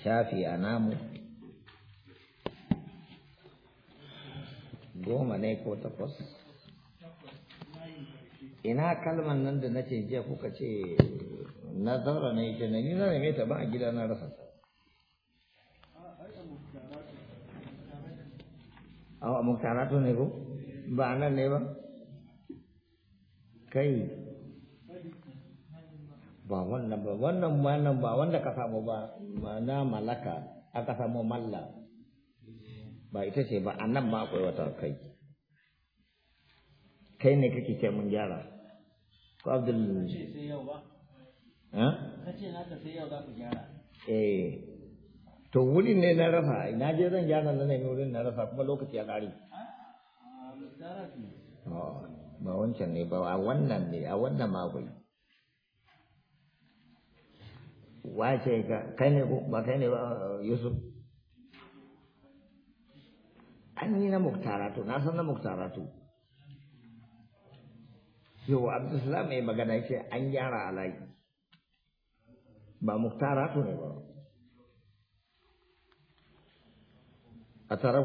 shafi a namu goma ne ko takwas ina kalman nan da nace jiya kuka ce na zara ne ita ne ni na neme ta ba a gida na rasa A a muktaratu ne ko ba nan ne ba kai ba wannan ba wannan wannan ba wanda ka samu ba mana malaka aka samu malla ba ita ce ba a nan ma akwai wata kai kai ne kake ce mun gyara ko abdul eh to wuri ne na rafa na je zan gyara na nemi wurin na rafa kuma lokaci ya ƙare Oh, ba wancan ne ba a wannan ne a wannan makon wace ga kai ne ba kai ne ba yusuf an yi na muktaratu na san na muktaratu yau abdulsalam mai magana ce an gyara alayi ba muktaratu ne ba a tarau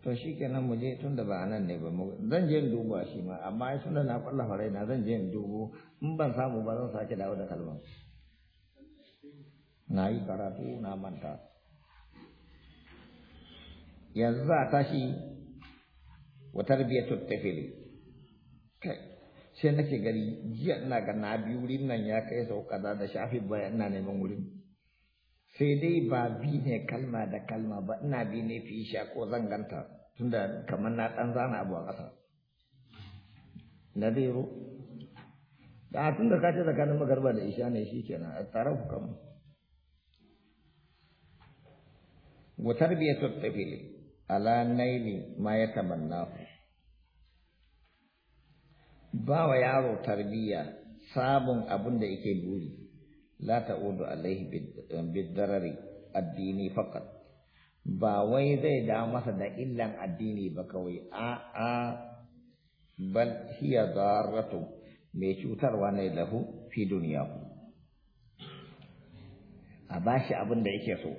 to shi kenan mu je tun da ba nan ne ba zan je in shi ma amma ai tun da na kwalla farai na zan je dubo in ban samu ba zan sake dawo da kalmar na yi karatu na manta yanzu za a tashi wa tarbiyatu tafili sai nake gari jiya ina ga na biyu wurin nan ya kai sau kaza da shafi baya ina neman wurin sai dai ba bi ne kalma da kalma ba ina bi ne fi sha ko zanganta tunda kamar na ɗan zana abu a ƙasa nadiru da tun da ka ce tsakanin magarba da isha ne shi kenan a tare ku kan wa tarbiyatu tabili ala naili ma ya tamanna ba wa yaro tarbiyya sabon abin da yake buri la ta'udu alaihi bid darari addini faqat ba wai zai da masa da illan addini ba kawai a a bal hiya darratu mai cutarwa ne lahu fi duniya a ba shi abin da yake so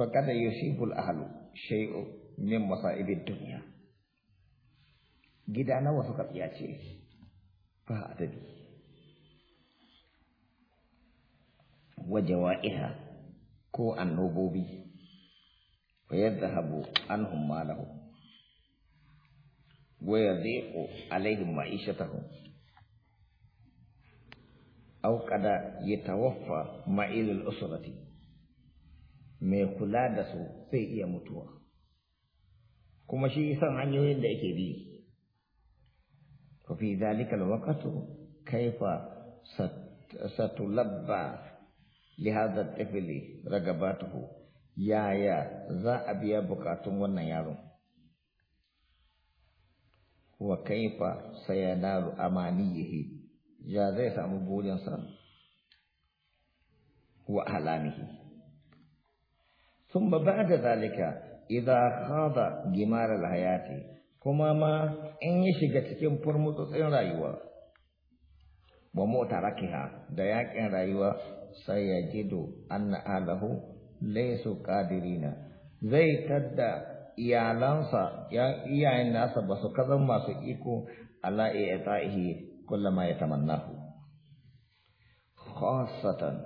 fa kada yusibu al ahlu shay'u min masa'ib ad dunya gida nawa suka tsiyace fa adabi wa ko annobobi fa yadhhabu anhum malahu wa yadhiqu alaihim ma'ishatahum aw kada yatawaffa al usrati mai kula da su sai iya mutuwa kuma shi san hanyoyin da yake bi وفي ذلك الوقت كيف ستلبى Lihazart Tifeli, raga bata ku ya yi ya, za a biya bukatun wannan yaron. Wa kaifa, sai ya naru ya zai samu bojan sa. Kuwa a halaye. Tun ba a ga da laluka idan aka haɗa gimara kuma ma in yi shiga cikin furmutsu rayuwa. ومؤتركها دياك رأيوة سيجد أن أهله ليسوا قادرين زي تدى iyalansa iyayen nasa ba su kazan masu iko ala iya ta'ihi kullama ya tamannahu khasatan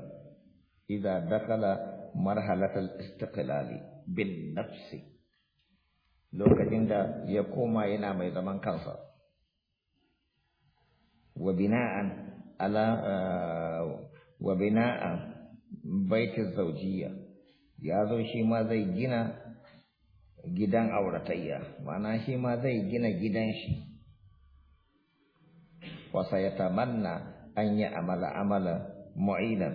idza dakala marhalatal istiqlali bin nafsi lokacin da ya koma yana mai zaman kansa wa bina'an ala eh, wa bina'a eh, baiti zaujiya ya zo shi ma zai gina gidan auratayya ma'ana shi ma zai gina gidan shi wa ya tamanna an yi amala amala mu'ilan.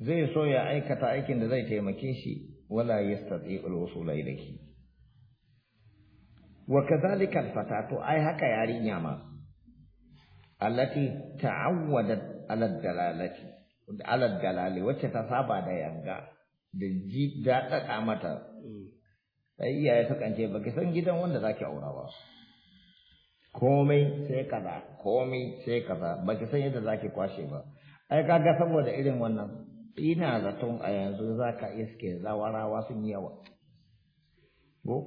zai so ya aikata aikin da zai taimake shi wala al wusula ilayhi wa kadhalika al-fatatu ai haka yarinya ma allati ta'awwadat ala dalalati ala dalali wacce ta saba da yanga da ji daɗaɗa mata sai iyaye sukan ce baki san gidan wanda zaki aura ba komai sai kaza komai sai kaza baki san yadda zaki kwashe ba ai kaga saboda irin wannan ina zaton a yanzu zaka iske zawarawa sun yawa ko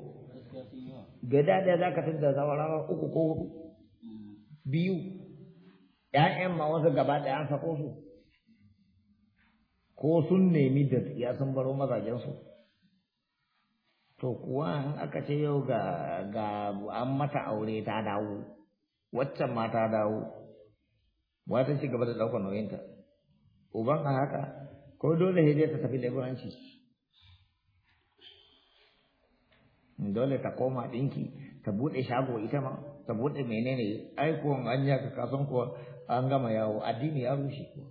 gada da zaka tada zawarawa uku ko biyu ‘ya'yan ma wasu gaba ɗaya an sako su, ko sun nemi da ya sun baro mazajensu. To kuwa in aka ce yau ga an mata aure ta dawo, waccan ma ta dawo, wata ci gaba da ɗaukar nauyinta. Uban a haka, ko dole hijiyar ta tafi leburanci. Dole ta koma ɗinki, ta buɗe shago ita ma. buɗe menene ai an ka kasan kuwa. an gama yawo addini ya rushe ko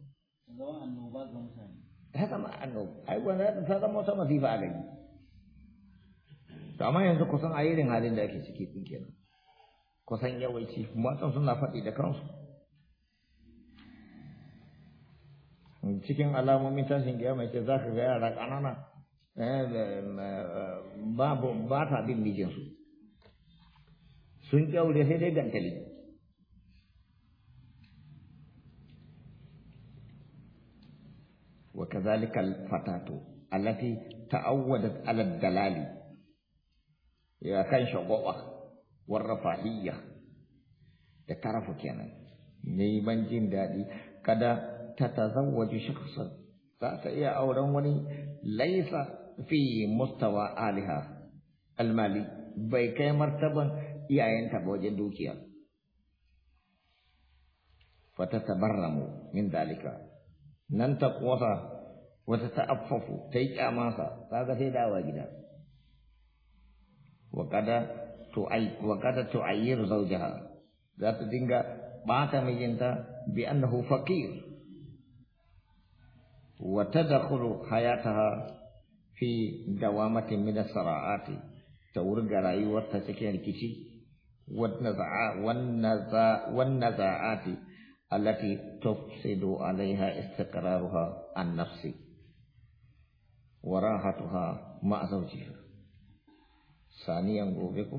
ta annoba ai wanda ta zama wata masifa a gani. to amma yanzu kusan a irin halin da ake ciki din kenan kusan yawanci matan suna faɗi da kansu cikin alamomin tashin mai ce za ka ga yara ƙanana eh, ba ta bin mijinsu sun kyaure sai dai gantali كذلك الفتاة التي تأودت على الدلال يا كان شقوقة والرفاهية تعرف كنا نيمان جين دادي كذا تتزوج شخصا ذات يا أورمني ليس في مستوى آلهة المالي bai kai martaban iyayenta ba wajen dukiya fatatabarramu min dalika nan وتتأفف تيجا أماسا هذا في دعوة جدا وقد تعي وقد تعير زوجها ذات دينغا بات مجنتا بأنه فقير وتدخل حياتها في دوامة من الصراعات تورج الكشي والنزاع والنزاع والنزاعات التي تفسد عليها استقرارها النفسي wa rahatuha ma'a zawjiha saniyan gobe ko